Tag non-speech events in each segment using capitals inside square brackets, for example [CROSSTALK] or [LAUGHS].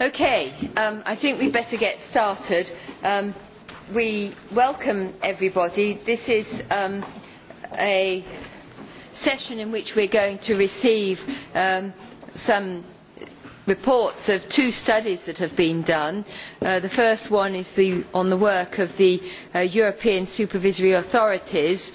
Okay, um, I think we better get started. Um, we welcome everybody. This is um, a session in which we're going to receive um, some reports of two studies that have been done. Uh, the first one is the, on the work of the uh, European supervisory authorities uh,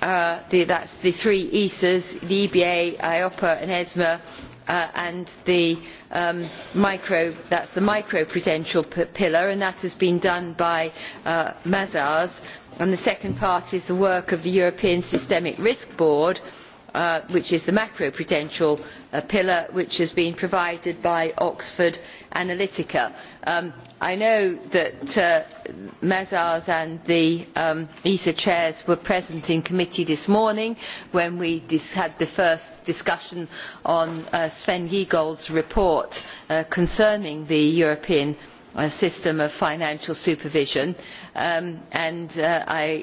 Uh, that is the three ESAs, the EBA, eiopa and ESMA, uh, and the um, micro, that's the micro-prudential pillar, and that has been done by uh, Mazars. And the second part is the work of the European Systemic Risk Board, uh, Uh, which is the macro prudential uh, pillar which has been provided by oxford analytica. Um, i know that uh, and the um, esa chairs were present in committee this morning when we had the first discussion on uh, sven giegold's report concerning the european system of financial supervision um, and i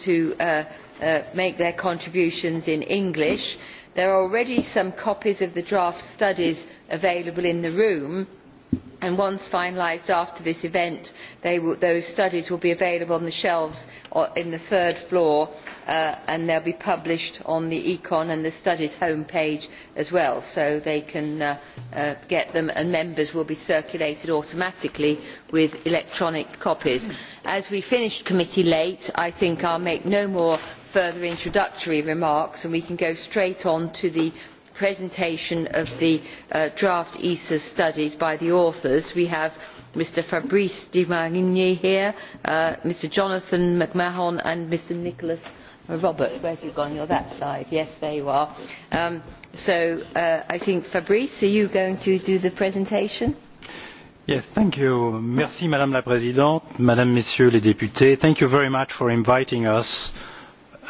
to uh, uh, make their contributions in english. there are already some copies of the draft studies available in the room and once finalised after this event those studies will be available on the shelves on the third floor uh, and they will be published on the econ and the studies home page as well so they can uh, uh, get them and members will be circulated automatically with electronic copies. as we finished committee late i think i will make no more further introductory remarks and we can go straight on to the presentation of the uh, draft esa studies by the authors we have mr fabrice de marigny here uh, mr jonathan mcmahon and mr nicholas robert where have you gone you are that side yes there you are um, so uh, i think fabrice are you going to do the presentation? Yes, thank you. Merci, madame la présidente madame messieurs les députés thank you very much for inviting us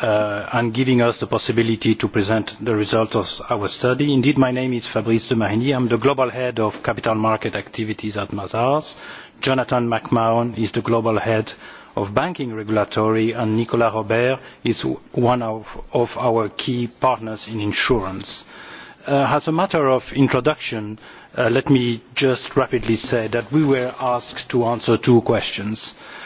uh, and giving us the possibility to present the results of our study. Indeed, my name is Fabrice de Marigny. I'm the global head of capital market activities at Mazars. Jonathan McMahon is the global head of banking regulatory, and Nicolas Robert is one of, of our key partners in insurance. Uh, as a matter of introduction, uh, let me just rapidly say that we were asked to answer two questions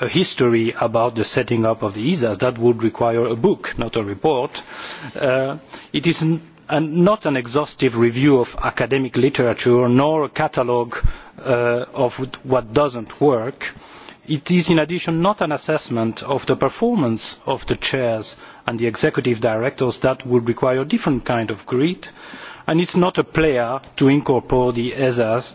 a history about the setting up of the esas that would require a book not a report. Uh, it is an, not an exhaustive review of academic literature nor a catalogue uh, of what does not work. it is in addition not an assessment of the performance of the chairs and the executive directors that would require a different kind of grid and it is not a player to incorporate the esas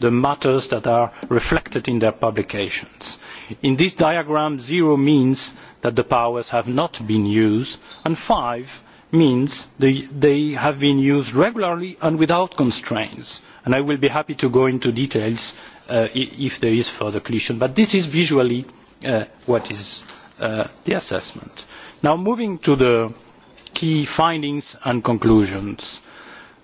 the matters that are reflected in their publications. in this diagram zero means that the powers have not been used and five means that they have been used regularly and without constraints. i will be happy to go into details uh, if there is further question but this is visually uh, what is uh, the assessment. now moving to the key findings and conclusions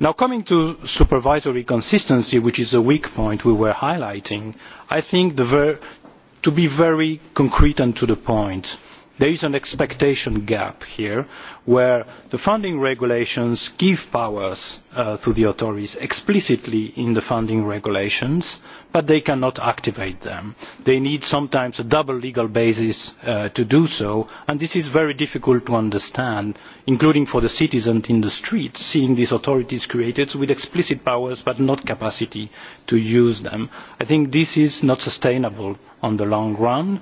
Now, coming to supervisory consistency, which is a weak point we were highlighting, I think to be very concrete and to the point there is an expectation gap here where the funding regulations give powers uh, to the authorities explicitly in the funding regulations but they cannot activate them. they need sometimes a double legal basis uh, to do so and this is very difficult to understand including for the citizens in the streets seeing these authorities created with explicit powers but not capacity to use them. i think this is not sustainable in the long run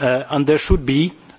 uh, and there should be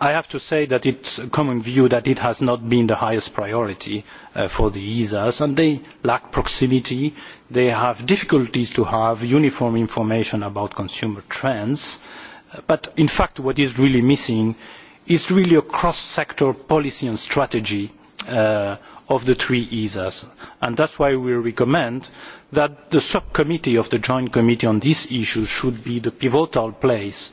i have to say that it is a common view that it has not been the highest priority uh, for the esas and they lack proximity they have difficulties to have uniform information about consumer trends uh, but in fact what is really missing is really a cross sector policy and strategy uh, of the three esas and that is why we recommend that the subcommittee of the joint committee on these issues should be the pivotal place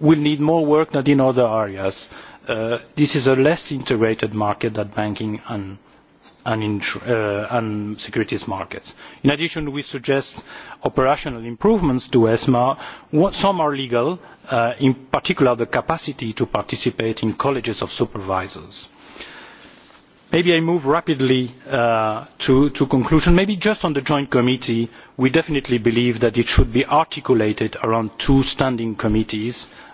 will need more work than in other areas. Uh, this is a less integrated market than banking and, and, uh, and securities markets. In addition, we suggest operational improvements to ESMA. some are legal, uh, in particular the capacity to participate in colleges of supervisors. Maybe I move rapidly uh, to, to conclusion. Maybe just on the joint committee, we definitely believe that it should be articulated around two standing committees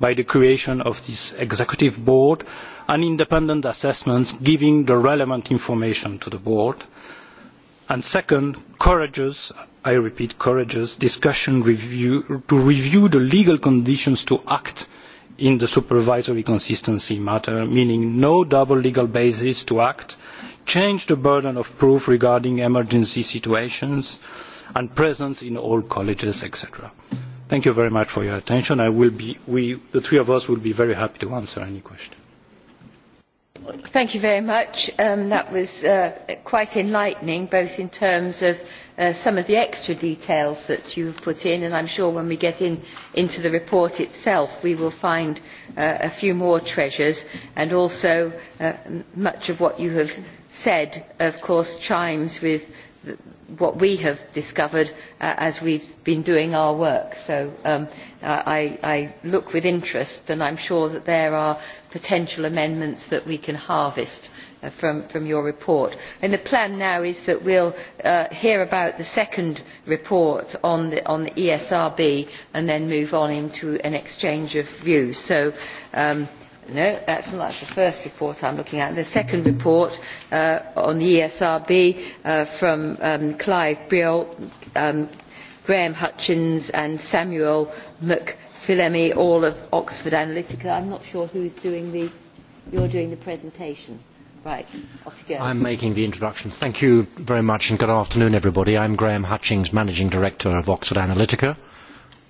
by the creation of this executive board and independent assessments giving the relevant information to the board and second courageous i repeat courageous discussion to review the legal conditions to act in the supervisory consistency matter meaning no double legal basis to act change the burden of proof regarding emergency situations and presence in all colleges etc. Thank you very much for your attention. I will be, we, the three of us will be very happy to answer any question. Thank you very much. Um, that was uh, quite enlightening, both in terms of uh, some of the extra details that you have put in, and I'm sure when we get in, into the report itself, we will find uh, a few more treasures, and also uh, much of what you have said, of course, chimes with the, what we have discovered uh, as we have been doing our work. So um, uh, I, look with interest and I am sure that there are potential amendments that we can harvest uh, from, your report. And the plan now is that we will hear about the second report on the, ESRB e and then move on into an exchange of views. Um, No, that's not that's the first report I'm looking at. The second report uh, on the ESRB uh, from um, Clive Briel, um, Graham Hutchins and Samuel McPhillemy, all of Oxford Analytica. I'm not sure who's doing the... You're doing the presentation. Right, off you go. I'm making the introduction. Thank you very much and good afternoon, everybody. I'm Graham Hutchings, Managing Director of Oxford Analytica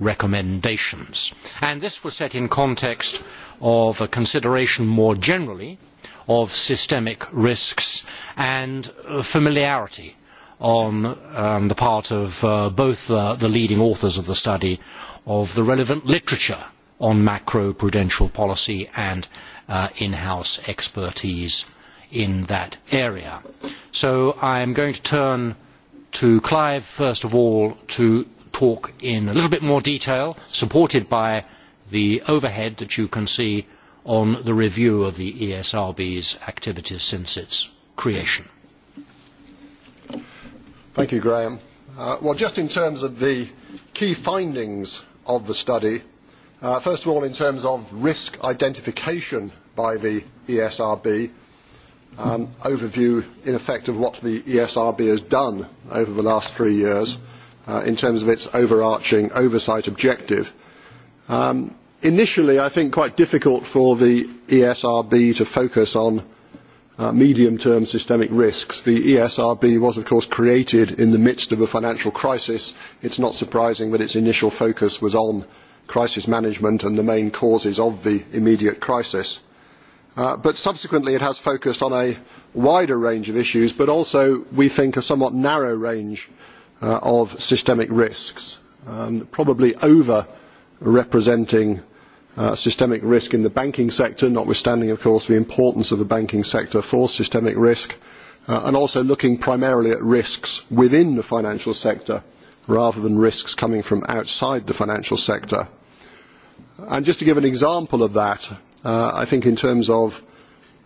recommendations. this was set in context of a consideration more generally of systemic risks and uh, familiarity on um, the part of uh, both uh, the leading authors of the study of the relevant literature on macro prudential policy and in-house expertise in that area. So I am going to turn to Clive first of all to talk in a little bit more detail, supported by the overhead that you can see on the review of the ESRB's activities since its creation. Thank you, Graham. Uh, well, just in terms of the key findings of the study, uh, first of all, in terms of risk identification by the ESRB, um, overview, in effect, of what the ESRB has done over the last three years. Mm uh, in terms of its overarching oversight objective. Um, initially, I think quite difficult for the ESRB to focus on uh, medium-term systemic risks. The ESRB was, of course, created in the midst of a financial crisis. It's not surprising that its initial focus was on crisis management and the main causes of the immediate crisis. Uh, but subsequently it has focused on a wider range of issues, but also, we think, a somewhat narrow range uh, of systemic risks, um, probably over representing uh, systemic risk in the banking sector, notwithstanding, of course, the importance of the banking sector for systemic risk, uh, and also looking primarily at risks within the financial sector rather than risks coming from outside the financial sector. And just to give an example of that, uh, I think in terms of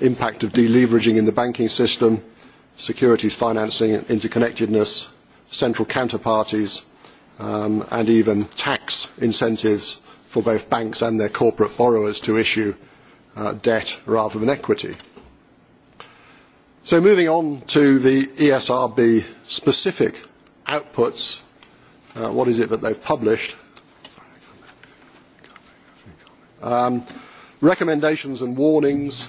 impact of deleveraging in the banking system, securities financing, interconnectedness, central counterparties, um, and even tax incentives for both banks and their corporate borrowers to issue uh, debt rather than equity. moving on to the ESRB specific outputs, uh, what is it that they've published? Um, recommendations and warnings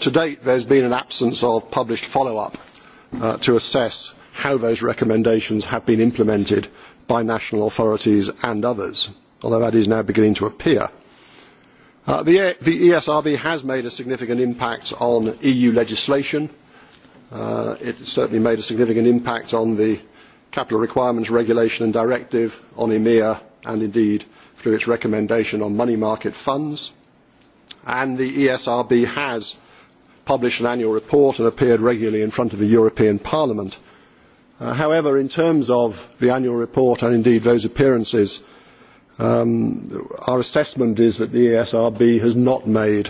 to date there has been an absence of published follow up uh, to assess how those recommendations have been implemented by national authorities and others although that is now beginning to appear. Uh, the, e, the esrb has made a significant impact on eu legislation. Uh, it certainly made a significant impact on the capital requirements regulation and directive on emir e and indeed through its recommendation on money market funds and the esrb has published an annual report and appeared regularly in front of the European Parliament. Uh, however, in terms of the annual report and indeed those appearances, um, our assessment is that the ESRB has not made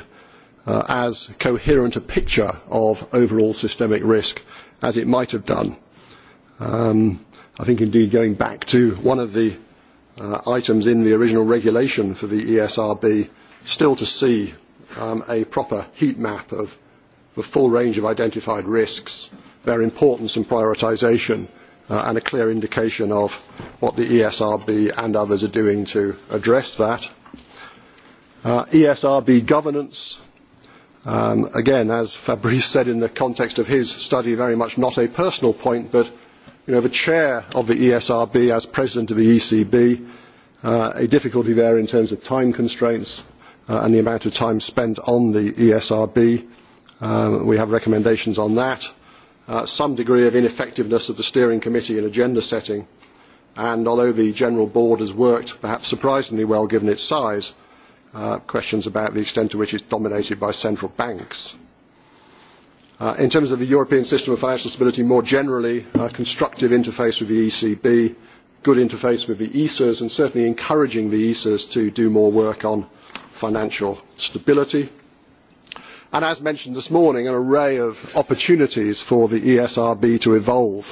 uh, as coherent a picture of overall systemic risk as it might have done. Um, I think indeed going back to one of the uh, items in the original regulation for the ESRB, still to see um, a proper heat map of the full range of identified risks, their importance and prioritisation, uh, and a clear indication of what the ESRB and others are doing to address that. Uh, ESRB governance, um, again, as Fabrice said in the context of his study, very much not a personal point, but you know, the chair of the ESRB as president of the ECB, uh, a difficulty there in terms of time constraints uh, and the amount of time spent on the ESRB. Um, we have recommendations on that. Uh, some degree of ineffectiveness of the steering committee in agenda setting. And although the general board has worked perhaps surprisingly well given its size, uh, questions about the extent to which it's dominated by central banks. Uh, in terms of the European system of financial stability more generally, uh, constructive interface with the ECB, good interface with the ESAs and certainly encouraging the ESAs to do more work on financial stability and as mentioned this morning an array of opportunities for the esrb to evolve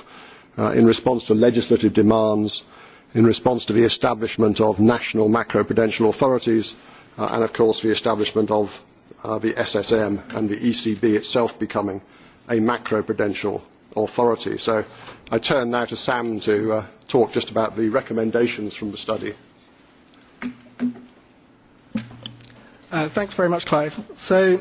uh, in response to legislative demands in response to the establishment of national macro prudential authorities uh, and of course the establishment of uh, the ssm and the ecb itself becoming a macro prudential authority. so i turn now to sam to talk just about the recommendations from the study. Uh, thanks very much, Clive. So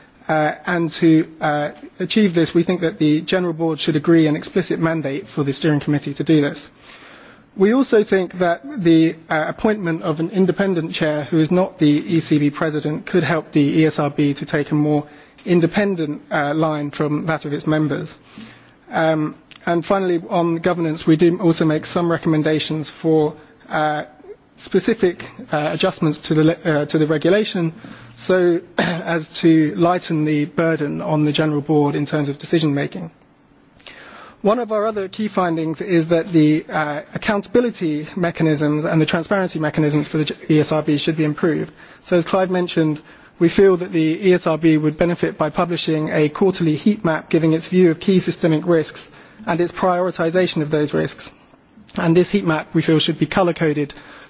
Uh, and to uh, achieve this, we think that the General Board should agree an explicit mandate for the Steering Committee to do this. We also think that the uh, appointment of an independent chair who is not the ECB president could help the ESRB to take a more independent line from that of its members. Um, finally, on governance, we do also make some recommendations for specific uh, adjustments to the, uh, to the regulation so [CLEARS THROAT] as to lighten the burden on the General Board in terms of decision making. One of our other key findings is that the uh, accountability mechanisms and the transparency mechanisms for the ESRB should be improved. So as Clive mentioned, we feel that the ESRB would benefit by publishing a quarterly heat map giving its view of key systemic risks and its prioritisation of those risks. And this heat map, we feel, should be colour-coded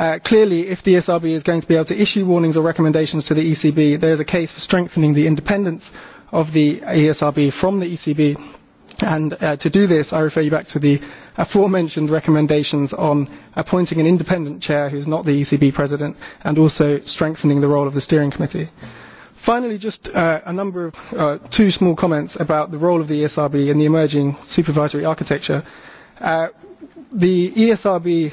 Uh, clearly, if the ESRB is going to be able to issue warnings or recommendations to the ECB, there is a case for strengthening the independence of the ESRB from the ECB. And uh, to do this, I refer you back to the aforementioned recommendations on appointing an independent chair who is not the ECB president and also strengthening the role of the steering committee. Finally, just uh, a number of uh, two small comments about the role of the ESRB in the emerging supervisory architecture. Uh, the ESRB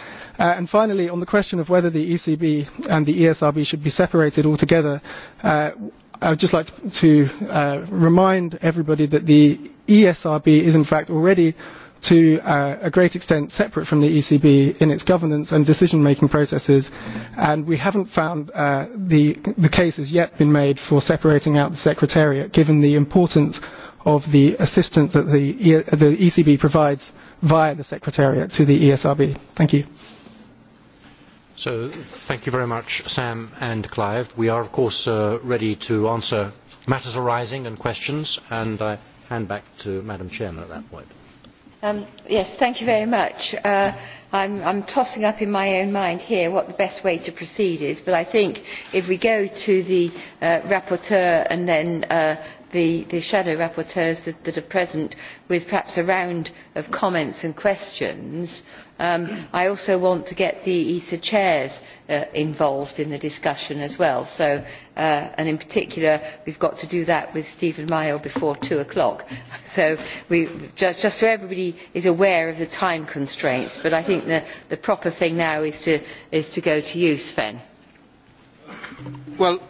Uh, and finally, on the question of whether the ECB and the ESRB should be separated altogether, uh, I would just like to, to uh, remind everybody that the ESRB is in fact already to uh, a great extent separate from the ECB in its governance and decision-making processes, and we haven't found uh, the, the case has yet been made for separating out the Secretariat, given the importance of the assistance that the, e, the ECB provides via the Secretariat to the ESRB. Thank you thank you very much, Sam and Clive. We are, of course, uh, ready to answer matters arising and questions, and I hand back to Madam Chairman at that point. Um, yes, thank you very much. Uh, I'm, I'm tossing up in my own mind here what the best way to proceed is, but I think if we go to the uh, rapporteur and then uh, the, the shadow rapporteurs that, that are present with perhaps a round of comments and questions, Um, I also want to get the ESA chairs uh, involved in the discussion as well. So, uh, and in particular, we've got to do that with Stephen Mayo before two o'clock. [LAUGHS] So just, so everybody is aware of the time constraints. But I think the, proper thing now is to, go to you, Sven. Well,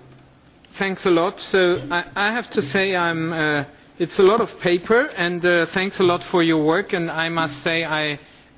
thanks a lot. So I, have to say it is uh, it's a lot of paper, and thanks a lot for your work. And I must say I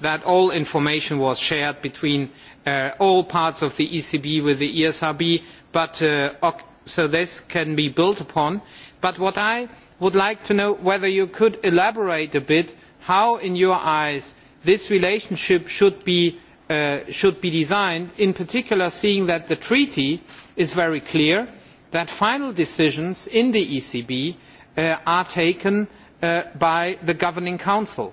that all information was shared between uh, all parts of the ECB with the ESRB, but, uh, so this can be built upon. But what I would like to know whether you could elaborate a bit how, in your eyes, this relationship should be, uh, designed, in particular seeing that the treaty is very clear that final decisions in the ECB are taken by the governing council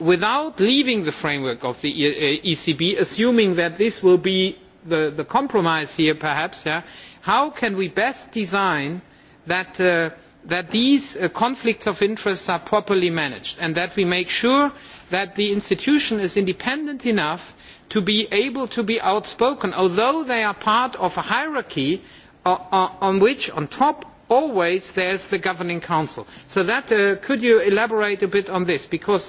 without leaving the framework of the ecb uh, e assuming that this will be the, compromise here perhaps how can we best design that, uh, these uh, conflicts of interest are properly managed and that we make sure that the institution is independent enough to be able to be outspoken although they are part of a hierarchy on which on top always there is the governing council. so that, could you elaborate a bit on this because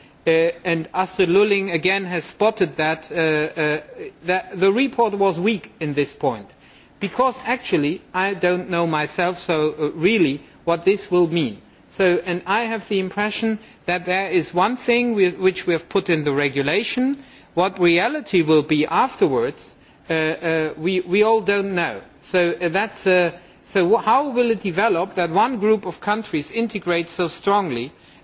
Uh, and astrid lulling again has spotted that, uh, uh, the report was weak on this point because actually i do not know myself so really what this will mean. So, and i have the impression that there is one thing which we have put in the regulation what reality will be afterwards we, all do not know. So, so how will it develop that one group of countries integrates so strongly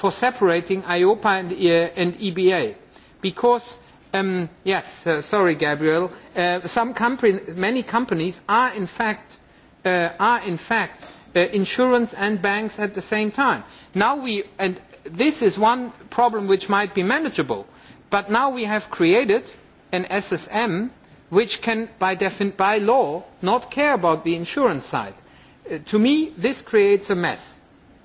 for separating EIOPA and, e, and EBA. Because, um, yes, uh, sorry, Gabriel, uh, some many companies are in fact, uh, are in fact uh, insurance and banks at the same time. Now we, and this is one problem which might be manageable, but now we have created an SSM which can, by, by law, not care about the insurance side. Uh, to me, this creates a mess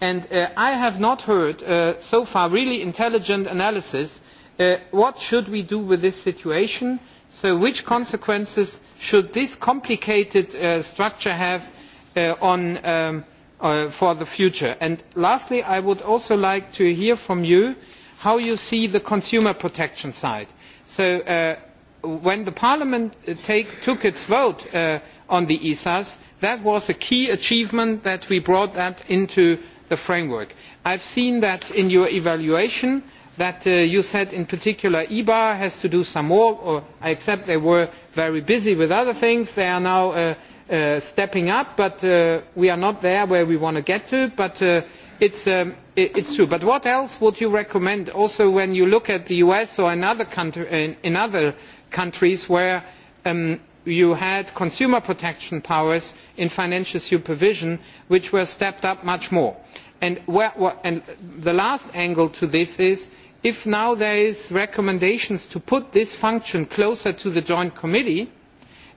and uh, i have not heard uh, so far really intelligent analysis uh, what should we do with this situation so which consequences should this complicated uh, structure have uh, on, um, uh, for the future? And lastly i would also like to hear from you how you see the consumer protection side. so uh, when parliament take, took its vote on the esas that was a key achievement that we brought that into the framework. i have seen that in your evaluation that uh, you said in particular eba has to do some more i accept they were very busy with other things they are now uh, uh, stepping up but we are not there where we want to get to but it's, um, it is true. but what else would you recommend also when you look at the us or in other, countries where um, you had consumer protection powers in financial supervision which were stepped up much more? And, the last angle to this is if now there are recommendations to put this function closer to the joint committee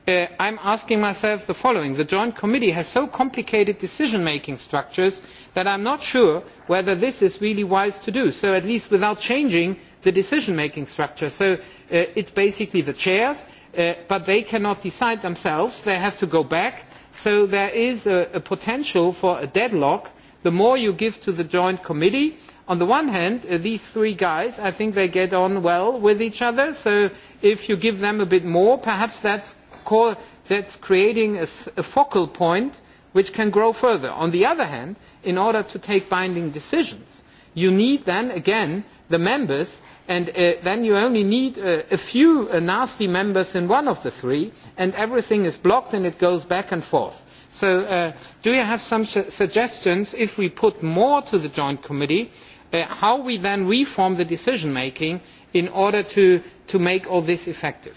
uh, i am asking myself the following the joint committee has so complicated decision making structures that i am not sure whether this is really wise to do so at least without changing the decision making structure. so uh, it is basically the chairs uh, but they cannot decide themselves they have to go back so there is a potential for a deadlock the more you give to the joint committee on the one hand uh, these three guys i think they get on well with each other so if you give them a bit more perhaps that is creating a focal point which can grow further. on the other hand in order to take binding decisions you need then again the members and uh, then you only need uh, a few nasty members in one of the three and everything is blocked and it goes back and forth so uh, do you have some suggestions if we put more to the joint committee uh, how we then reform the decision making in order to make all this effective?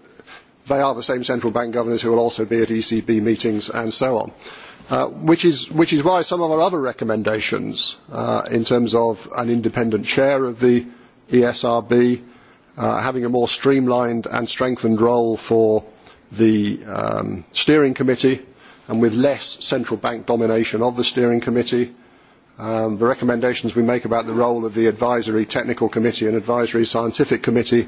they are the same central bank governors who will also be at ECB meetings and so on. Uh, which, is, why some of our other recommendations uh, in terms of an independent chair of the ESRB, uh, having a more streamlined and strengthened role for the um, steering committee and with less central bank domination of the steering committee, um, the recommendations we make about the role of the advisory technical committee and advisory scientific committee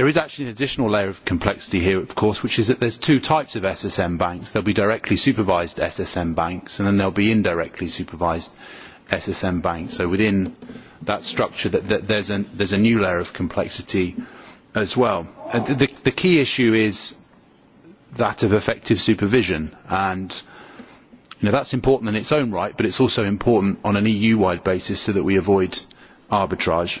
there is actually an additional layer of complexity here of course which is that there are two types of ssm banks there will be directly supervised ssm banks and then there will be indirectly supervised ssm banks so within that structure there is a new layer of complexity as well. The, key issue is that of effective supervision and you know, that's important in its own right but it's also important on an EU-wide basis so that we avoid arbitrage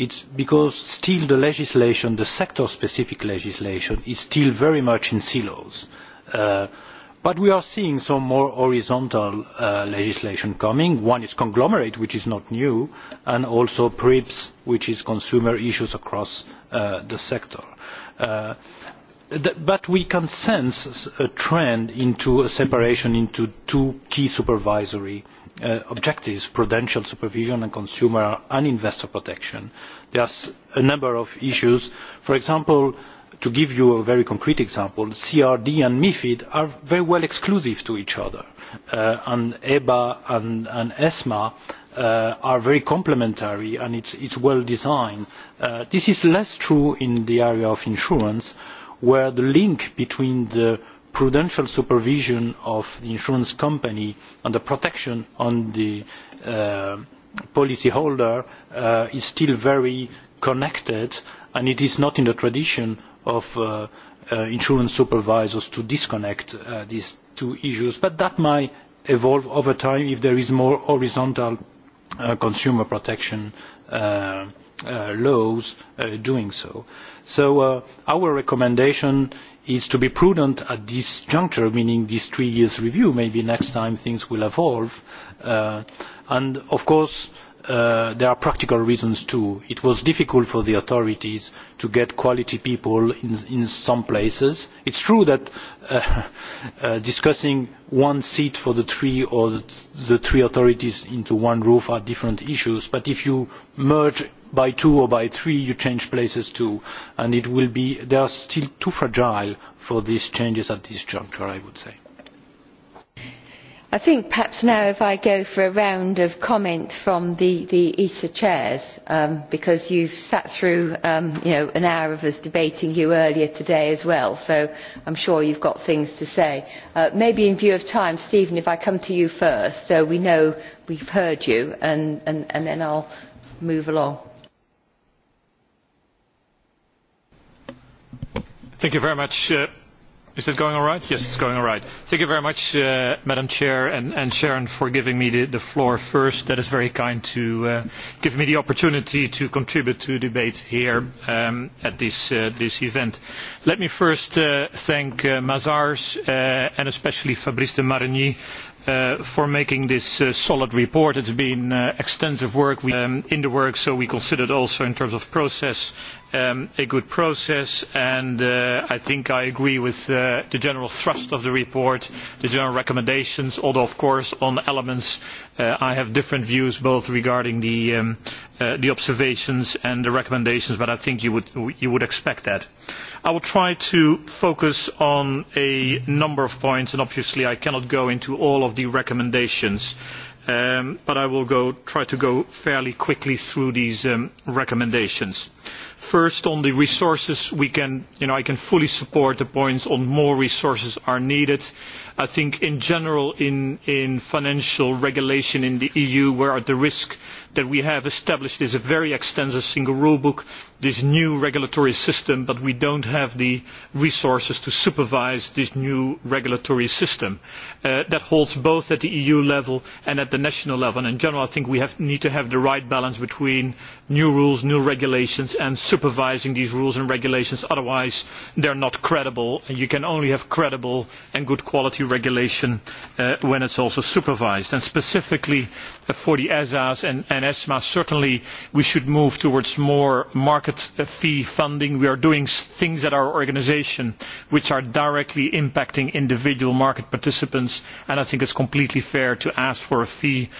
it is because still the legislation the sector specific legislation is still very much in silos uh, but we are seeing some more horizontal uh, legislation coming one is conglomerate which is not new and also prips which is consumer issues across uh, the sector but we can sense a trend into a separation into two key supervisory uh, objectives prudential supervision and consumer and investor protection. there are a number of issues for example to give you a very concrete example crd and mifid are very well exclusive to each other uh, and eba and, esma uh, are very complementary and it is well designed. this is less true in the area of insurance where where the link between the prudential supervision of the insurance company and the protection on the uh, policyholder uh, is still very connected and it is not in the tradition of uh, uh insurance supervisors to disconnect uh, these two issues but that might evolve over time if there is more horizontal uh, consumer protection Uh, laws uh, doing so. So uh, our recommendation is to be prudent at this juncture, meaning this three years review. Maybe next time things will evolve. and of course, there are practical reasons too. It was difficult for the authorities to get quality people in, some places. It's true that [LAUGHS] discussing one seat for the three or the, the three authorities into one roof are different issues, but if you merge by two or by three you change places too and it will be they are still too fragile for these changes at this juncture i would say i think perhaps now if i go for a round of comment from the, the ESA chairs, um, because you've sat through um, you know, an hour of us debating you earlier today as well, so I'm sure you've got things to say. Uh, maybe in view of time, Stephen, if I come to you first, so we know we've heard you, and, and, and then I'll move along. Thank you very much. Uh, is it going all right? Yes, it's going all right. Thank you very much, uh, Madam Chair and, and Sharon, for giving me the, the floor first. That is very kind to uh, give me the opportunity to contribute to debate here um, at this, uh, this event. Let me first uh, thank uh, Mazars uh, and especially Fabrice de Marigny Uh, for making this uh, solid report. It's been uh, extensive work um, in the work, so we considered also in terms of process um, a good process. And I think I agree with the general thrust of the report, the general recommendations, although of course on elements I have different views both regarding um, the, observations and the recommendations, but I think you would, expect that i will try to focus on a number of points and obviously i cannot go into all of the recommendations um, but i will try to go fairly quickly through these um, recommendations First, on the resources, we can, you know, I can fully support the points on more resources are needed. I think in general in, in financial regulation in the EU, are at the risk that we have established is a very extensive single rule book, this new regulatory system, but we don't have the resources to supervise this new regulatory system. Uh, that holds both at the EU level and at the national level. And in general, I think we have, need to have the right balance between new rules, new regulations, and supervising these rules and regulations otherwise they are not credible and you can only have credible and good quality regulation uh, when it is also supervised. And specifically uh, for the esas and, esma certainly we should move towards more market uh, fee funding. we are doing things at our organisation which are directly impacting individual market participants and i think it is completely fair to ask for a fee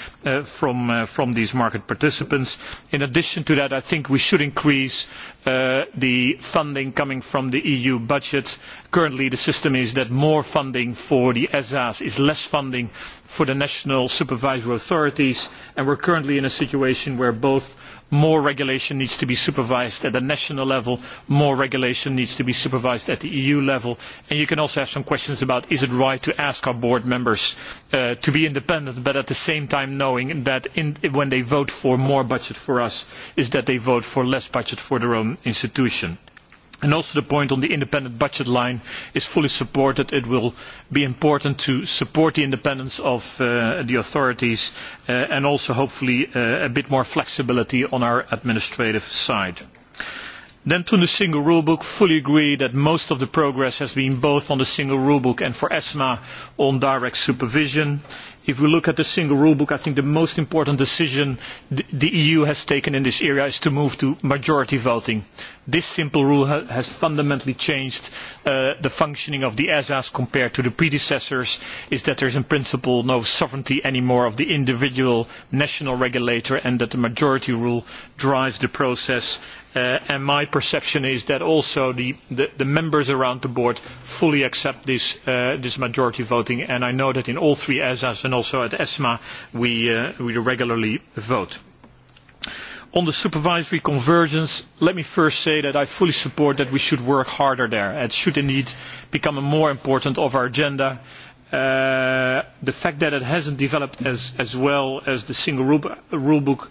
from these market participants. in addition to that i think we should increase Uh, the funding coming from the eu budget. currently the system is that more funding for the esas is less funding for the national supervisory authorities and we are currently in a situation where both more regulation needs to be supervised at the national level more regulation needs to be supervised at the eu level and you can also have some questions about is it right to ask our board members uh, to be independent but at the same time knowing that in, when they vote for more budget for us is that they vote for less budget for their own institution. And also the point on the independent budget line is fully supported. It will be important to support the independence of uh, the authorities uh, and also hopefully uh, a bit more flexibility on our administrative side. Then to the single rule book i fully agree that most of the progress has been both on the single rule book and for ESMA on direct supervision if we look at the single rule book I think the most important decision the EU has taken in this area is to move to majority voting this simple rule ha has fundamentally changed uh, the functioning of the ESAs compared to the predecessors, is that there is in principle no sovereignty anymore of the individual national regulator and that the majority rule drives the process Uh, and my perception is that also the, the, the members around the board fully accept this, uh, this majority voting and I know that in all three ESAs and also at ESMA we, uh, we regularly vote on the supervisory convergence let me first say that i fully support that we should work harder there. it should indeed become more important on our agenda. Uh, the fact that it has not developed as well as the single rule book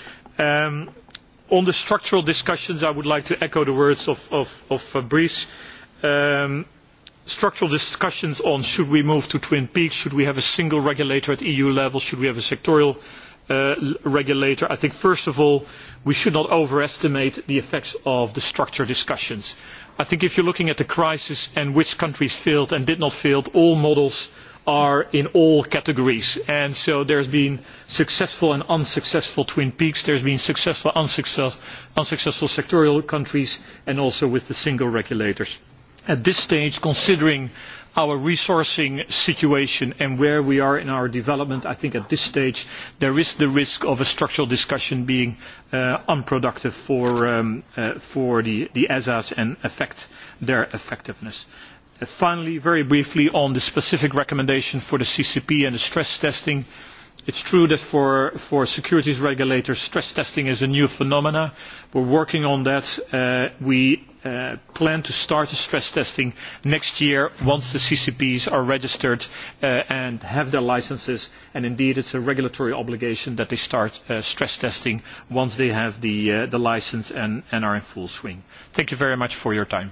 Um, on the structural discussions, I would like to echo the words of, Fabrice. Uh, um, structural discussions on should we move to Twin Peaks, should we have a single regulator at EU level, should we have a sectoral uh, regulator i think first of all we should not overestimate the effects of the structure discussions. i think if you are looking at the crisis and which countries failed and did not fail all models are in all categories. And so there's been successful and unsuccessful Twin Peaks, there's been successful, unsuccess, unsuccessful sectorial countries, and also with the single regulators. At this stage, considering our resourcing situation and where we are in our development, I think at this stage there is the risk of a structural discussion being uh, unproductive for, um, uh, for the, the ESAs and affect their effectiveness finally very briefly on the specific recommendation for the ccp and the stress testing it is true that for, securities regulators stress testing is a new phenomenon. we are working on that. Uh, we uh, plan to start the stress testing next year once the ccps are registered uh, and have their licences and indeed it is a regulatory obligation that they start stress testing once they have the, licence and are in full swing. thank you very much for your time.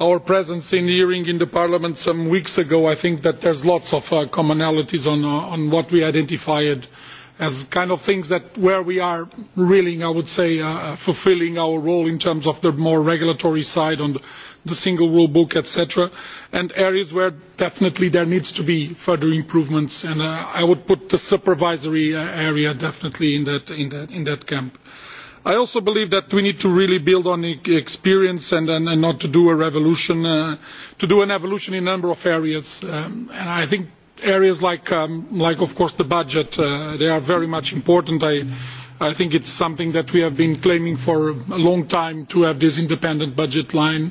our presence in the hearing in the parliament some weeks ago i think that there are lots of uh, commonalities uh, on, what we identified as kind of things that where we are really i would say uh, fulfilling our role in terms of the more regulatory side on the single rule book etc and areas where definitely there needs to be further improvements and i would put the supervisory area definitely in that, in that, in that camp i also believe that we need to really build on experience and, not to do a revolution uh, to do an evolution in a number of areas um, and i think areas like, um, of course the budget uh, they are very much important i think think it's something that we have been claiming for a long time to have this independent budget line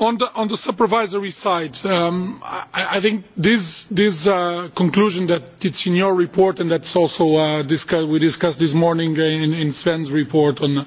On the, supervisory side um, I, think this, uh, conclusion that is in your report and that is also uh, we discussed this morning in sven's report on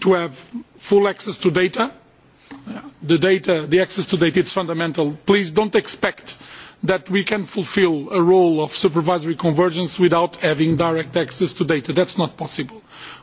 to have full access to data. The, data, the access to data is fundamental. Please don't expect that we can fulfil a role of supervisory convergence without having direct access to data. That's not possible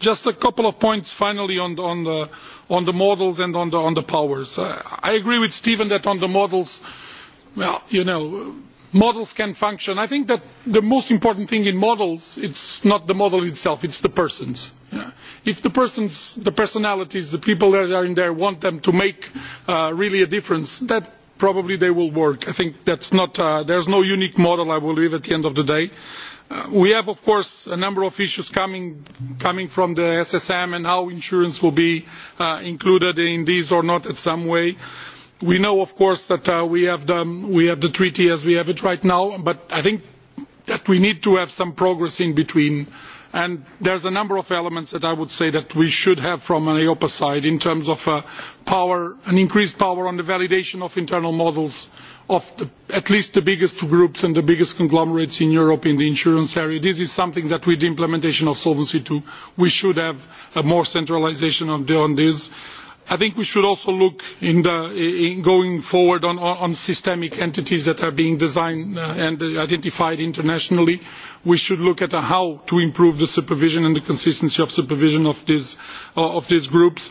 just a couple of points finally on, on, the, on the models and on the, on the powers. Uh, i agree with stephen that on the models well you know models can function. i think that the most important thing in models is not the model itself it is the persons. Yeah. if the, persons, the personalities the people that are in there want them to make uh, really a difference that probably they will work. i think uh, not. There's no unique model i will leave at the end of the day. Uh, we have of course a number of issues coming, coming from the ssm and how insurance will be uh, included in these or not in some way. we know of course that uh, we, have the, we have the treaty as we have it right now but i think that we need to have some progress in between and there are a number of elements that i would say that we should have from an eiopa side in terms of uh, power, an increased power on the validation of internal models of the, at least the biggest groups and the biggest conglomerates in europe in the insurance area. this is something that with the implementation of solvency ii we should have more centralisation on this. i think we should also look in the, in going forward on, on systemic entities that are being designed uh, and identified internationally. we should look at how to improve the supervision and the consistency of supervision of these, uh, of these groups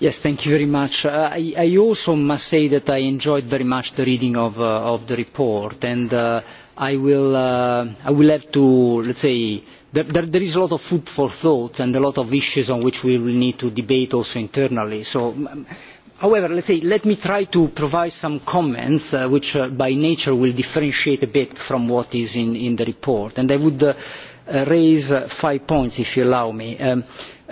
Yes, thank you very much. Uh, I, I also must say that I enjoyed very much the reading of, uh, of the report, and uh, I, will, uh, I will have to, let's say, there, there, there is a lot of food for thought and a lot of issues on which we will need to debate also internally. So, however, let's say, let me try to provide some comments uh, which uh, by nature will differentiate a bit from what is in, in the report and i would uh, uh raise uh, five points if you allow me. Um,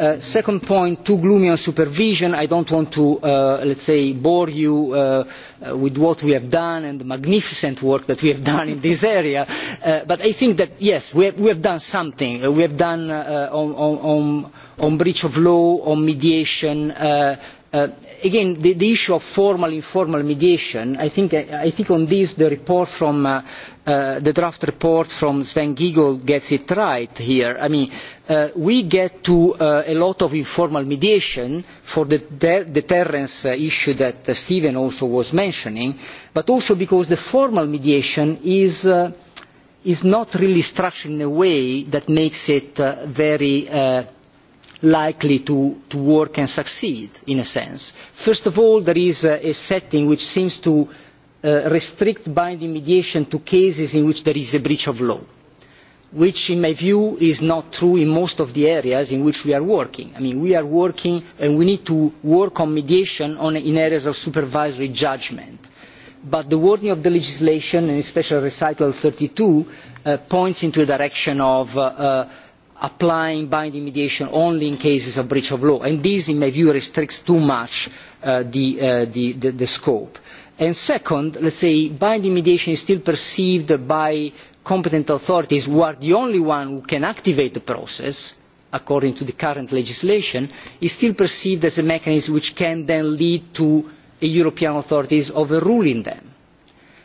Uh, second point too gloomy on supervision i do not want to uh, say bore you uh, with what we have done and the magnificent work that we have [LAUGHS] done in this area but i think that yes we have, done something we have done on breach of law on mediation again the, the issue of formal informal mediation i think, I think on this the report from uh, uh, the draft report from sven giegold gets it right here i mean uh, we get to uh, a lot of informal mediation for the de deterrence uh, issue that uh, stephen also was mentioning but also because the formal mediation is is not really structured in a way that makes it very likely to, to work and succeed in a sense. First of all, there is a, a setting which seems to uh, restrict binding mediation to cases in which there is a breach of law, which in my view is not true in most of the areas in which we are working. I mean, we are working and we need to work on mediation on, in areas of supervisory judgment. But the wording of the legislation, and especially recital 32, uh, points into a direction of uh, uh, applying binding mediation only in cases of breach of law and this in my view restricts too much uh, the, uh, the, the, the scope. And second let's say binding mediation is still perceived by competent authorities who are the only ones who can activate the process according to the current legislation is still perceived as a mechanism which can then lead to the european authorities overruling them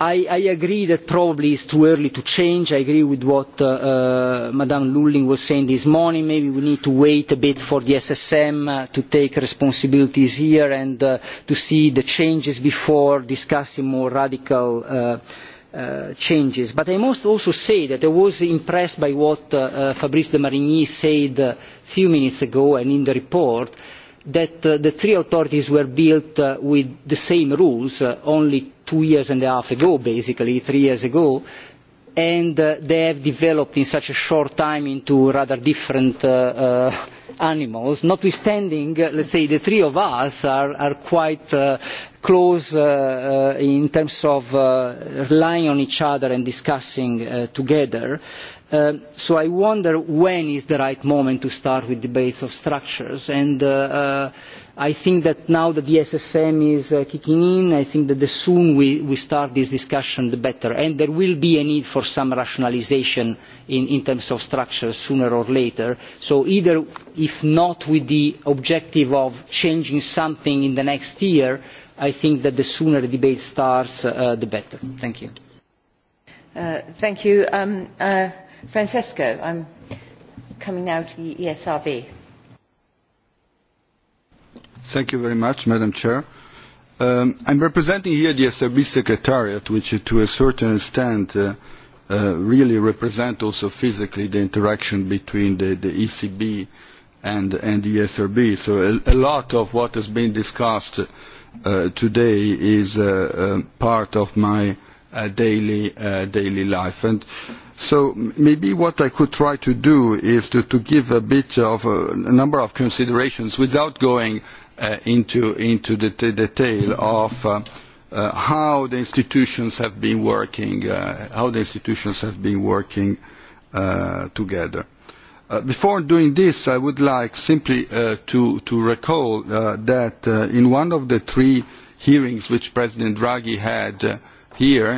I, agree that probably it's too early to change. I agree with what uh, uh, ms Lulling was saying this morning. Maybe we need to wait a bit for the SSM uh, to take responsibilities here and to see the changes before discussing more radical changes. But I must also say that I was impressed by what Fabrice de Marigny said a few minutes ago and in the report, uh, that uh, the three authorities were built uh, with the same rules uh, only two years and a half ago basically three years ago and they have developed in such a short time into rather different animals notwithstanding let's say the three of us are, quite close in terms of relying on each other and discussing together Um, so i wonder when is the right moment to start with debates on structures and uh, uh, i think that now that the ssm is uh, kicking in i think that the sooner we, start this discussion the better and there will be a need for some rationalisation in, terms of structures sooner or later so either if not with the objective of changing something in the next year i think that the sooner the debate starts the better. thank you. Um, Francesco, I'm coming now to the ESRB. Thank you very much, Madam Chair. Um, I'm representing here the SRB Secretariat, which to a certain extent uh, uh, really represent also physically the interaction between the, the ECB and, and the e SRB. So a, a lot of what has been discussed uh, today is uh, uh, part of my Uh, daily, uh, daily life. And so maybe what I could try to do is to, to give a bit of a, a number of considerations without going uh, into, into the t detail of uh, uh, how the institutions have been working, uh, how the institutions have been working uh, together. Uh, before doing this, I would like simply uh, to, to recall uh, that uh, in one of the three hearings which President Draghi had uh, here uh,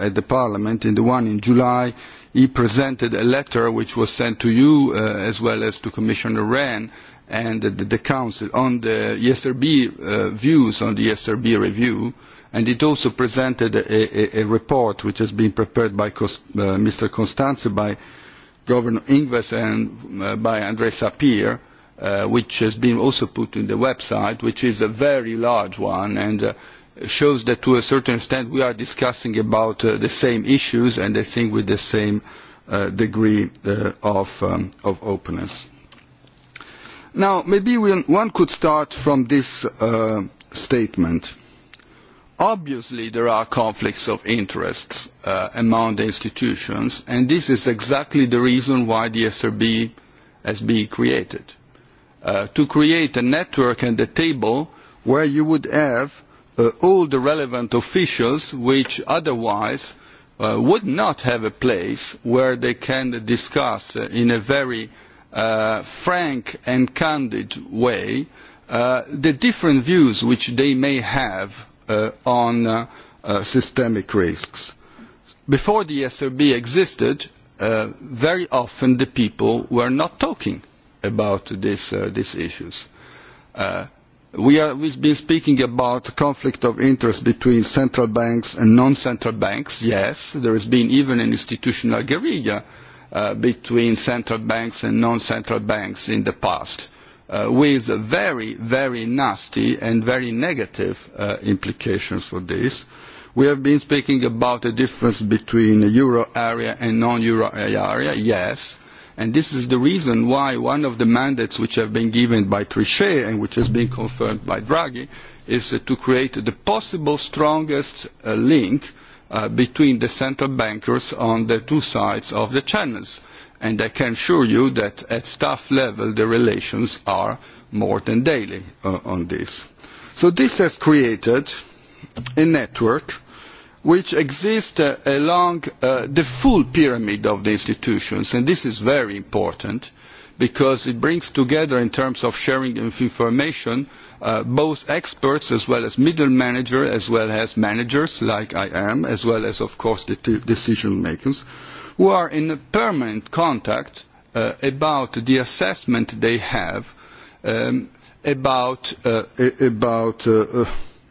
uh, at the Parliament, in the one in July, he presented a letter which was sent to you uh, as well as to Commissioner Rehn and the, the Council on the ESRB uh, views on the ESRB review. And it also presented a, a, a report which has been prepared by Cost, uh, Mr. Constanze, by Governor Ingves and uh, by Andrei Sapir, uh, which has been also put in the website, which is a very large one. And uh, shows that to a certain extent we are discussing about uh, the same issues and I think with the same uh, degree uh, um, of, openness. Now, maybe one could start from this statement. Obviously, there are conflicts of interest among the institutions, and this is exactly the reason why the SRB has been created. to create a network and a table where you would have uh, all the relevant officials which otherwise uh, would not have a place where they can discuss uh, in a very uh, frank and candid way uh, the different views which they may have uh, on systemic risks. Before the SRB existed, very often the people were not talking about this, these issues we have been speaking about conflict of interest between central banks and non-central banks. Yes, there has been even an institutional guerrilla uh, between central banks and non-central banks in the past, uh, with very, very nasty and very negative uh, implications for this. We have been speaking about the difference between euro area and non-euro area. Yes, And this is the reason why one of the mandates which have been given by Trichet and which has been confirmed by Draghi is uh, to create the possible strongest uh, link uh, between the central bankers on the two sides of the channels. And I can assure you that at staff level the relations are more than daily uh, on this. So this has created a network uh, which exist uh, along uh, the full pyramid of the institutions and this is very important because it brings together in terms of sharing of information uh, both experts as well as middle managers as well as managers like I am as well as of course the decision makers who are in permanent contact about the assessment they have um, about, about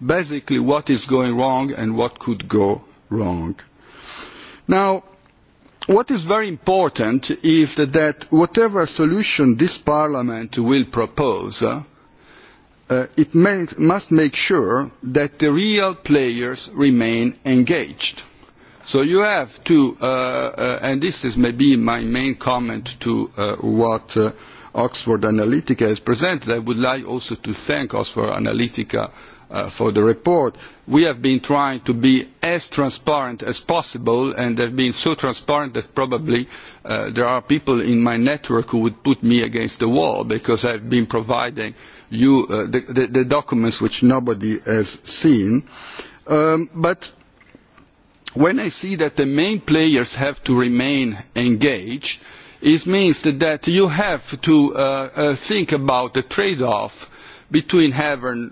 basically what is going wrong and what could go wrong. Now, what is very important is that whatever solution this Parliament will propose, uh, uh, it may, must make sure that the real players remain engaged. So you have to, uh, uh, and this is maybe my main comment to uh, what uh, Oxford Analytica has presented. I would like also to thank Oxford Analytica Uh, for the report. We have been trying to be as transparent as possible and have been so transparent that probably uh, there are people in my network who would put me against the wall because I have been providing you uh, the, the, the, documents which nobody has seen. Um, but when I see that the main players have to remain engaged, it means that you have to uh, uh, think about the trade-off between having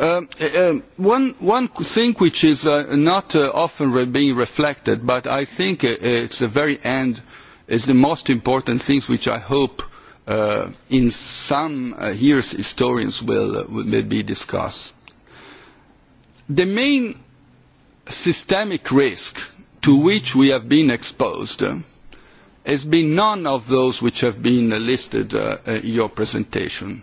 Um, um, one, one thing which is uh, not uh, often re being reflected, but I think uh, it's the very end, is the most important things which I hope uh, in some uh, years historians will, uh, will maybe discuss. The main systemic risk to which we have been exposed has been none of those which have been listed in your presentation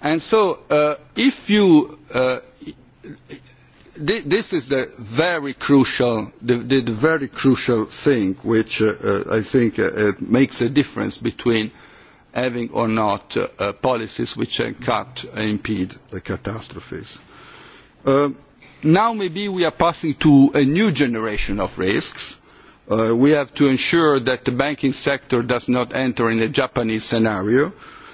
And so uh, if you, uh, th this is the very crucial, the, the, the very crucial thing which uh, uh I think uh, uh, makes a difference between having or not uh, uh policies which can cut and impede the catastrophes. Uh, now maybe we are passing to a new generation of risks. Uh, we have to ensure that the banking sector does not enter in a Japanese scenario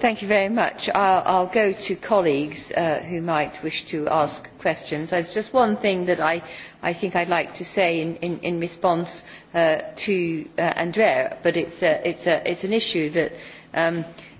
Thank you very much. I'll, go to colleagues uh, who might wish to ask questions. There's just one thing that I, think I'd like to say in, response uh, to uh, Andrea, but it's, an issue that um, uh,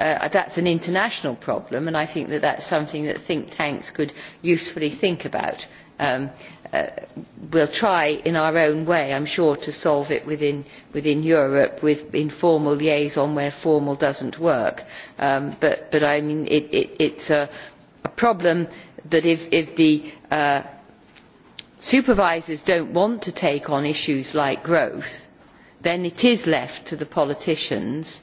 Uh, that is an international problem and I think that is something that think tanks could usefully think about. Um, uh, we will try in our own way, i am sure, to solve it within, Europe with informal liaison where formal does not work. Um, but, it, is a, problem that if, the uh, supervisors do not want to take on issues like growth, then it is left to the politicians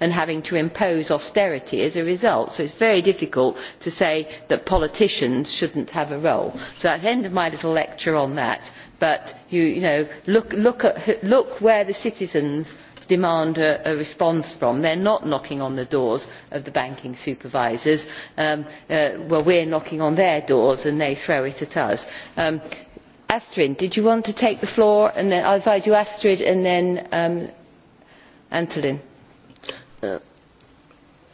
and having to impose austerity as a result so it is very difficult to say that politicians should not have a role. so that is the end of my little lecture on that but look, at, where the citizens demand a, response from. they are not knocking on the doors of the banking supervisors. while um, uh, we are knocking on their doors and they throw it at us. Um, Astrid, did you want to take the floor? i will invite you, Astrid, and then um, Antolin. Uh,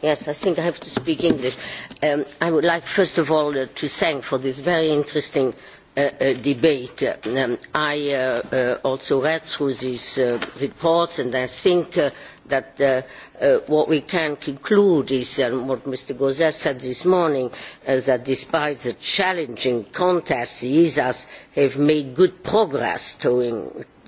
yes, I think I have to speak English. Um, I would like, first of all, uh, to thank for this very interesting uh, uh, debate. Um, I uh, uh, also read through these uh, reports, and I think uh, that uh, uh, what we can conclude is, um, what Mr. Gauzès said this morning, uh, that despite the challenging context, the ESAs have made good progress towing,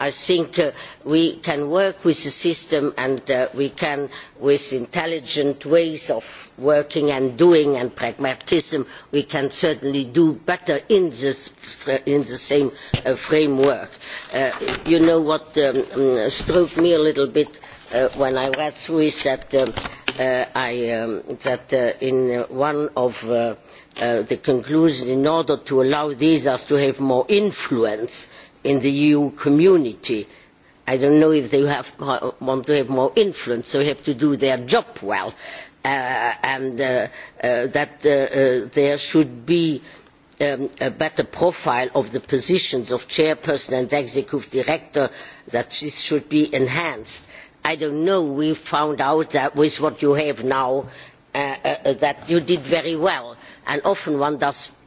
i think uh, we can work with the system and uh, we can with intelligent ways of working and doing and pragmatism we can certainly do better in, this, in the same uh, framework. you know what um, mm, struck me a little bit Uh, when I read through is that, um, uh, I, um, that in one of the conclusions, in order to allow these us to have more influence, in the eu community. i do not know if they have, want to have more influence so they have to do their job well uh, and uh, uh, that uh, uh, there should be um, a better profile of the positions of chairperson and executive director that this should be enhanced. i do not know we found out that with what you have now uh, that you did very well and often one does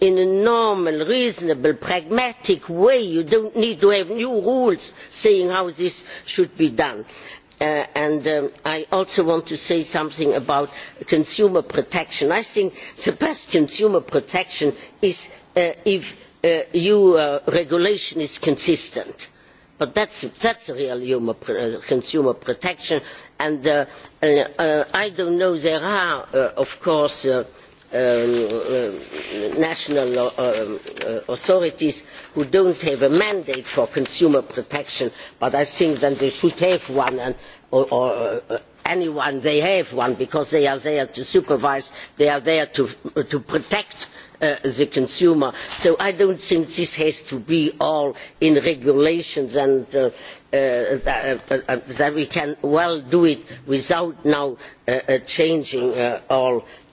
in a normal reasonable pragmatic way you do not need to have new rules saying how this should be done. Uh, and, um, i also want to say something about consumer protection. i think the best consumer protection is uh, if uh, your regulation is consistent but that's, is real consumer protection and uh, uh, i don't know there are of course Um, um, national uh, uh, authorities who do not have a mandate for consumer protection but i think that they should have one and, or, or uh, anyone they have one because they are there to supervise they are there to, to protect Uh, the consumer. so i do not think this has to be all in regulations and uh, uh, that uh, we can well do it without now changing all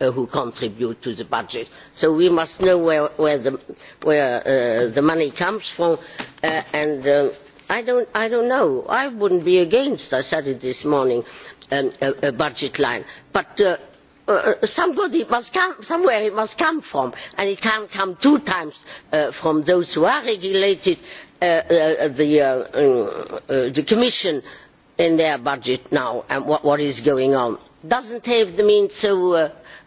Uh, who contribute to the budget. So we must know where, the, where uh, the money comes from. Uh, and uh, I, don't, I don't know. I wouldn't be against, I said it this morning, um, a, a budget line. But uh, uh, somebody must come, somewhere it must come from. And it can't come two times uh, from those who are regulated, uh, uh, the, uh, mm, uh, the Commission, in their budget now and what, what is going on. Doesn't have the means, so uh,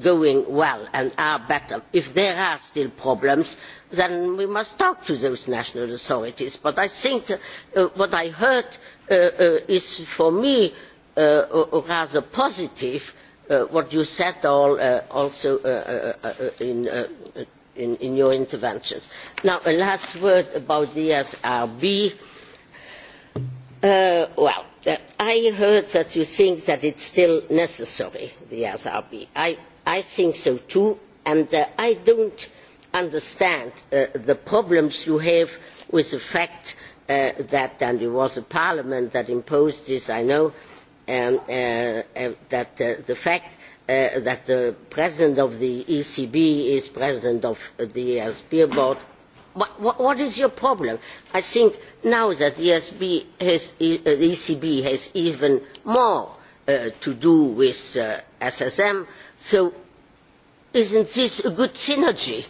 going well and are better if there are still problems then we must talk to those national authorities but i think uh, what i heard uh, uh, is for me rather positive what you said all also in, your interventions. now a last word about the esrb. well i heard that you think that it is still necessary the esrb i think so too and uh, i do not understand uh, the problems you have with the fact uh, that and it was parliament that imposed this i know that the fact that the president of the ecb is president of the esb board what is your problem? i think now that the ecb e, e has even more Uh, to do with uh, SSM. So isn't this a good synergy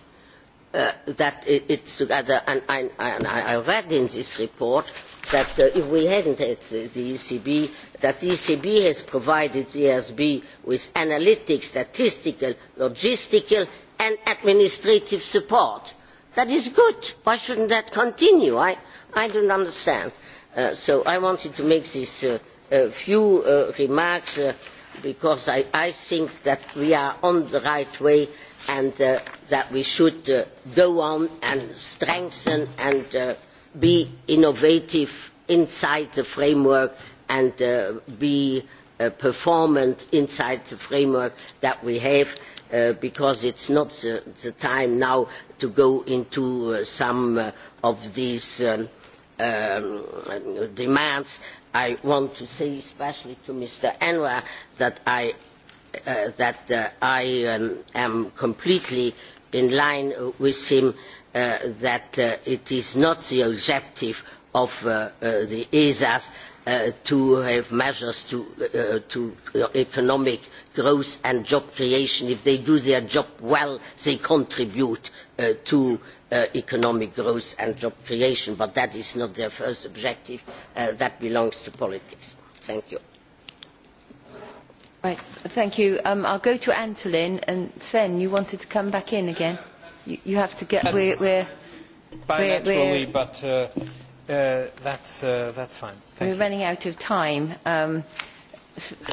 uh, that it, it's together? And I, and I, read in this report that if we hadn't had the, the ECB, that the ECB has provided the ESB with analytic, statistical, logistical and administrative support. That is good. Why shouldn't that continue? I, I don't understand. Uh, so I wanted to make this uh, a few uh, remarks uh, because I, think that we are on the right way and uh, that we should go on and strengthen and be innovative inside the framework and be performant inside the framework that we have because it is not the, time now to go into some of these um, um, demands I want to say especially to Mr. Anwar that I, uh, that, uh, I um, am completely in line with him uh, that uh, it is not the objective of uh, uh, the ESAs to have measures to, to, economic growth and job creation. If they do their job well, they contribute to Uh, economic growth and job creation but that is not their first objective uh, that belongs to politics. thank you. Right, thank you. Um, I'll go to Antolin and Sven. You wanted to come back in again. You, have to get. Um, we're, we're bilaterally, but uh, that's that's fine. Thank we're you. running out of time. Um,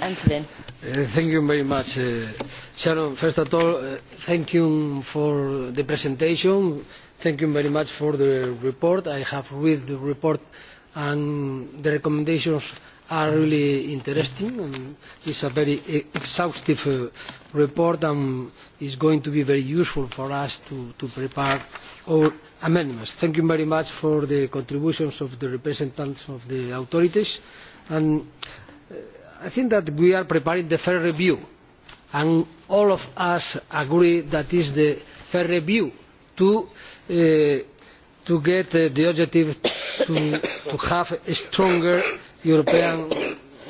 Antolin. Uh, thank you very much, uh, Sharon. First of all, uh, thank you for the presentation thank you very much for the report. i have read the report and the recommendations are really interesting. Um, it is a very e-, exhaustive uh, report and is going to be very useful for us to, to prepare our amendments. Thank you very much for the contributions of the representatives of the authorities. And uh, I think that we are preparing the fair review and all of us agree that is the fair review to Uh, to get uh, the objective to, to have a stronger European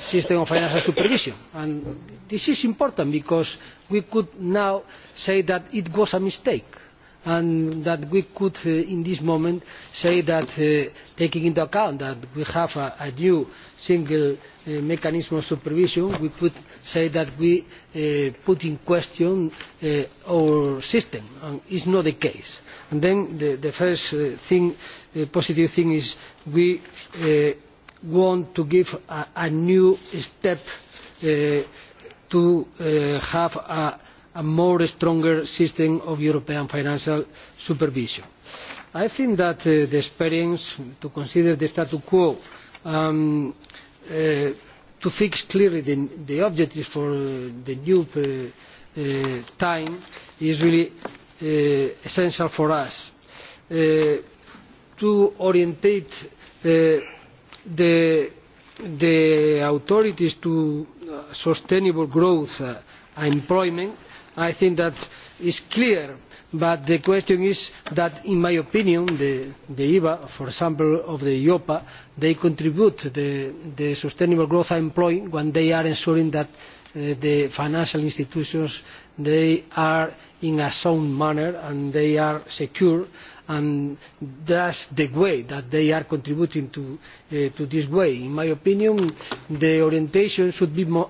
system of financial supervision. And this is important because we could now say that it was a mistake and that we could at uh, this moment say that uh, taking into account that we have a new single uh, mechanism of supervision we could say that we put in question our system and it's not the case. And then the first thing, positive thing is we we want to give a new step to have a a more stronger system of european financial supervision. i think that uh, the experience to consider the statu quo um, uh, to fix clearly the, objectives for uh, the new time is really essential for us to orientate the authorities to sustainable growth and employment i think that is clear but the question is that in my opinion the, eba for example of the eiopa contribute to the, sustainable growth and employment when they are ensuring that uh, the financial institutions are in a sound manner and they are secure and that is the way that they are contributing to, uh, to this way. in my opinion the orientation should be more,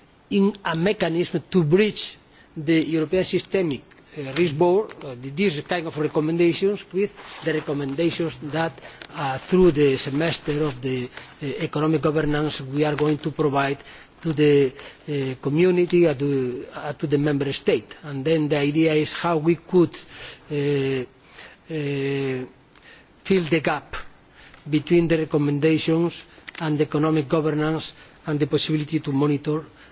in a mechanism to bridge the european systemic uh, risk board uh, these kind of recommendations with the recommendations that uh, through the semester of the economic governance we are going to provide to the community and to the member states. then the idea is how we could fill the gap between the recommendations and economic governance and the possibility to monitor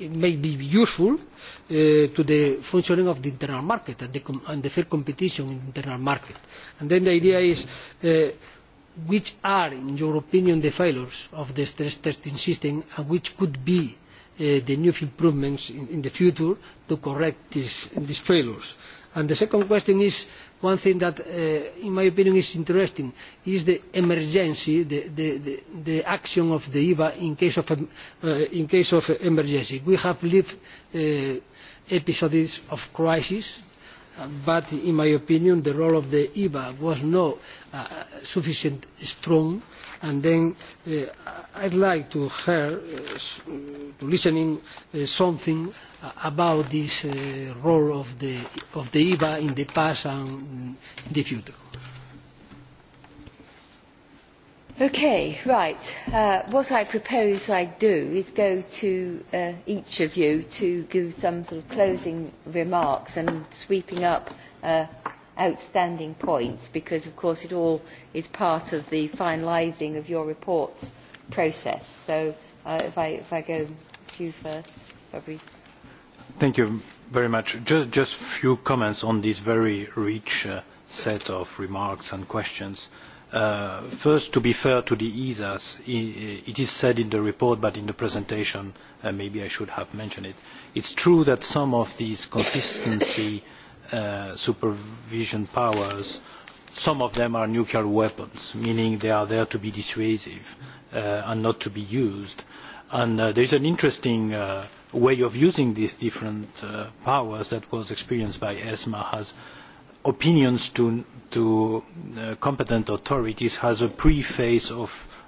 it may be useful uh, to the functioning of the internal market and the, and the fair competition in the internal market. And then the idea is uh, which are in your opinion the failures of the stress testing system and which could be uh, the new improvements in, in the future to correct these, these failures? And the second question is one thing that, uh, in my opinion, is interesting, is the emergency, the, action of the EBA uh, in case of, emergency. We have lived uh, episodes of crisis, but in my opinion the role of the EBA was not sufficiently strong and then uh, I'd like to hear, uh, to listening uh, something about this uh, role of the of the IVA in the past and the future. Okay, right. Uh, what I propose I do is go to uh, each of you to give some sort of closing remarks and sweeping up uh, outstanding points because of course it all is part of the finalising of your report's process. So uh, if, I, if I go to you first, Fabrice. Thank you very much. Just, just few comments on this very rich uh, set of remarks and questions. Uh, first, to be fair to the ESAs, it is said in the report, but in the presentation, uh, maybe I should have mentioned it. It's true that some of these consistency Uh, supervision powers, some of them are nuclear weapons, meaning they are there to be dissuasive uh, and not to be used. And uh, there is an interesting way of using these different powers that was experienced by ESMA has opinions to, competent authorities has a preface of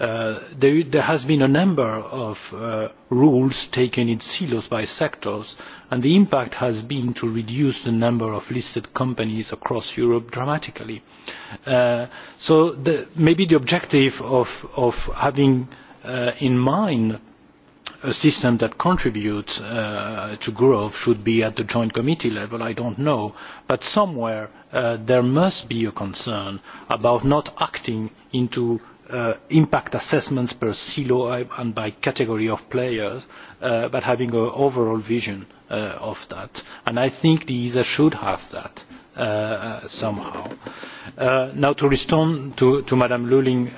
Uh, there, have has been a number of uh, rules taken in silos by sectors and the impact has been to reduce the number of listed companies across europe dramatically. Uh, so maybe the objective of, having in mind a system that contributes to growth should be at the joint committee level i do not know but somewhere there must be a concern about not acting into Uh, impact assessments per silo uh, and by category of players, uh, but having an overall vision of that. And I think the ESA should have that. somehow. now to respond to, Madam Lulling,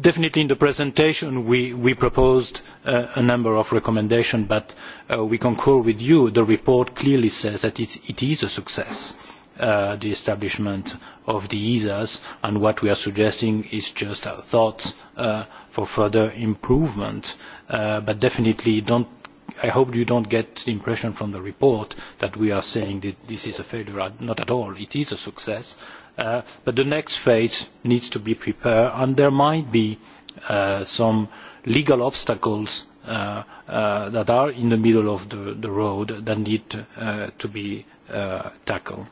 definitely in the presentation we, proposed a number of recommendations, but we concur with you. The report clearly says that it, is a success uh, the establishment of the ESAs, and what we are suggesting is just our thoughts uh, for further improvement. Uh, but definitely, don't, I hope you don't get the impression from the report that we are saying that this is a failure. Uh, not at all. It is a success. Uh, but the next phase needs to be prepared, and there might be uh, some legal obstacles Uh, uh, that are in the middle of the, the road that need uh, to be uh, tackled.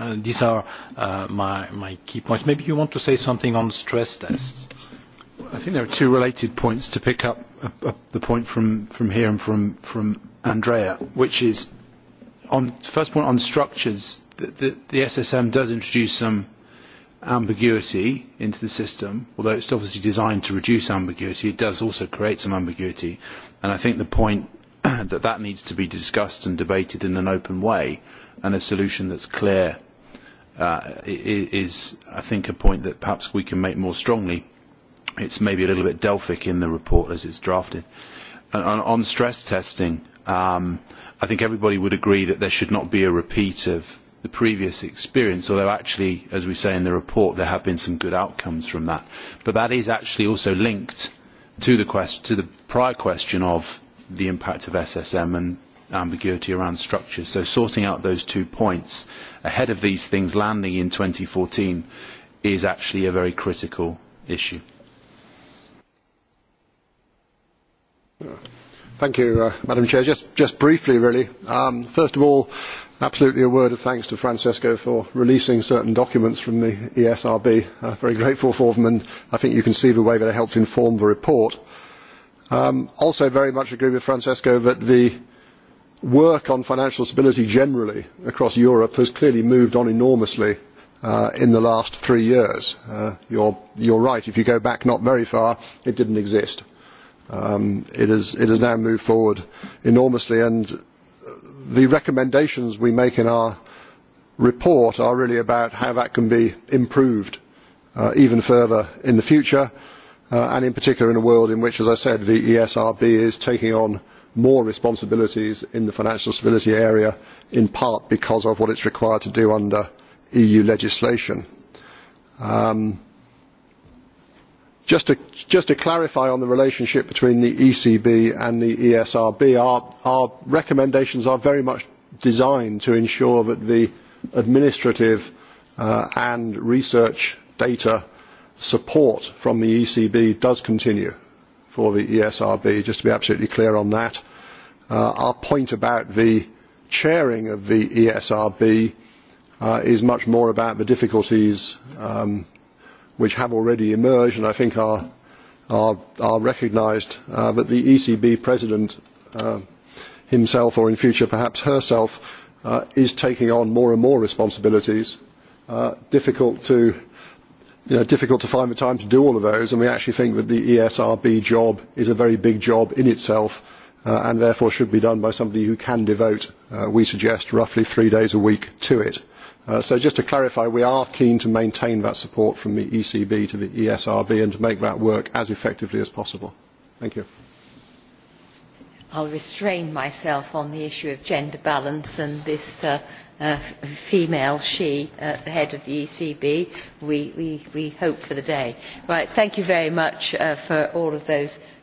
Uh, these are uh, my, my key points. Maybe you want to say something on stress tests. I think there are two related points to pick up uh, uh, the point from, from here and from, from Andrea, which is on first point on structures. The, the, the SSM does introduce some ambiguity into the system, although it's obviously designed to reduce ambiguity. It does also create some ambiguity, and I think the point [COUGHS] that that needs to be discussed and debated in an open way and a solution that's clear uh, is, I think, a point that perhaps we can make more strongly. It's maybe a little bit Delphic in the report as it's drafted. On, on stress testing, um, I think everybody would agree that there should not be a repeat of the previous experience, although actually, as we say in the report, there have been some good outcomes from that. But that is actually also linked to the, quest- to the prior question of the impact of SSM and ambiguity around structure. So sorting out those two points ahead of these things landing in 2014 is actually a very critical issue. Thank you, uh, Madam Chair. Just, just briefly, really. Um, first of all, absolutely a word of thanks to Francesco for releasing certain documents from the ESRB. Uh, very grateful for them, and I think you can see the way that it helped inform the report. Um, also, very much agree with Francesco that the work on financial stability generally across Europe has clearly moved on enormously uh, in the last three years. Uh, you're, you're right, if you go back not very far, it didn't exist. Um, it, is, it has now moved forward enormously, and the recommendations we make in our report are really about how that can be improved uh, even further in the future, uh, and in particular in a world in which, as I said, the ESRB is taking on uh, more responsibilities in the financial stability area in part because of what it is required to do under EU legislation. Um, just, to, just to clarify on the relationship between the ECB and the ESRB, our, our recommendations are very much designed to ensure that the administrative uh, and research data support from the ECB does continue for the ESRB, just to be absolutely clear on that. Uh, our point about the chairing of the ESRB uh, is much more about the difficulties um, which have already emerged and I think are, are, are recognised uh, that the ECB president uh, himself or in future perhaps herself uh, is taking on more and more responsibilities, uh, difficult to you know, difficult to find the time to do all of those, and we actually think that the ESRB job is a very big job in itself, uh, and therefore should be done by somebody who can devote, uh, we suggest, roughly three days a week to it. Uh, so just to clarify, we are keen to maintain that support from the ECB to the ESRB and to make that work as effectively as possible. Thank you. I'll restrain myself on the issue of gender balance and this uh, uh, female she uh, head of the ECB, we, we, we hope for the day. Right, thank you very much uh, for all of those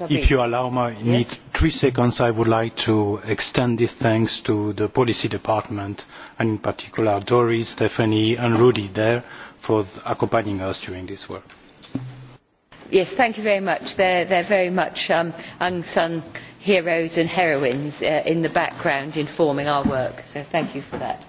if you allow me yes? three seconds i would like to extend these thanks to the policy department and in particular doris stephanie and rudy there for accompanying us during this work. yes thank you very much they are very much um, unsung heroes and heroines uh, in the background informing our work so thank you for that.